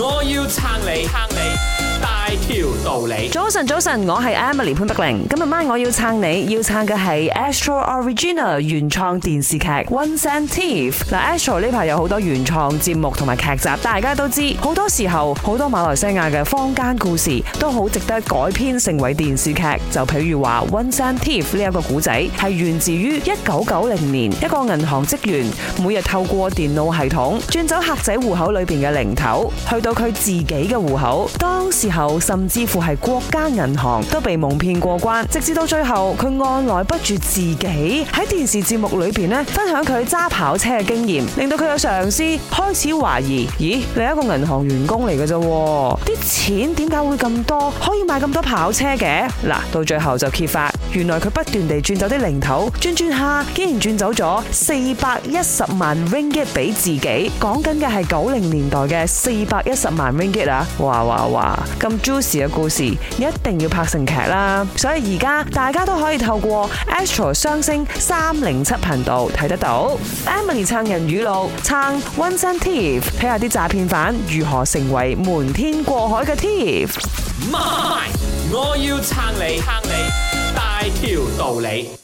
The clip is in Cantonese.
我要撐你撐你大條道理。早晨早晨，我係 Emily 潘德玲。今日晚我要撐你，要撐嘅係 Astro Original 原創電視劇《One Cent Thief》。嗱，Astro 呢排有好多原創節目同埋劇集。大家都知，好多時候好多馬來西亞嘅坊間故事都好值得改編成為電視劇。就譬如話《One Cent Thief》呢一個故仔，係源自於一九九零年一個銀行職員每日透過電腦系統轉走客仔戶口裏面嘅零頭，去到，到佢自己嘅戶口，當時候甚至乎係國家銀行都被蒙騙過關，直至到最後佢按捺不住自己喺電視節目裏邊咧分享佢揸跑車嘅經驗，令到佢嘅上司開始懷疑：咦，你係一個銀行員工嚟嘅啫，啲錢點解會咁多，可以買咁多跑車嘅？嗱，到最後就揭發，原來佢不斷地轉走啲零頭，轉轉下竟然轉走咗四百一十萬 ringgit 俾自己。講緊嘅係九零年代嘅四百一。十萬 ringgit 啊，哇哇哇！咁 juicy 嘅故事，一定要拍成劇啦。所以而家大家都可以透過 Astro 雙星三零七頻道睇得到 em。Emily 撐人語錄，撐溫生 T，睇下啲詐騙犯如何成為瞞天過海嘅 T。媽咪，我要撐你，撐你大條道理。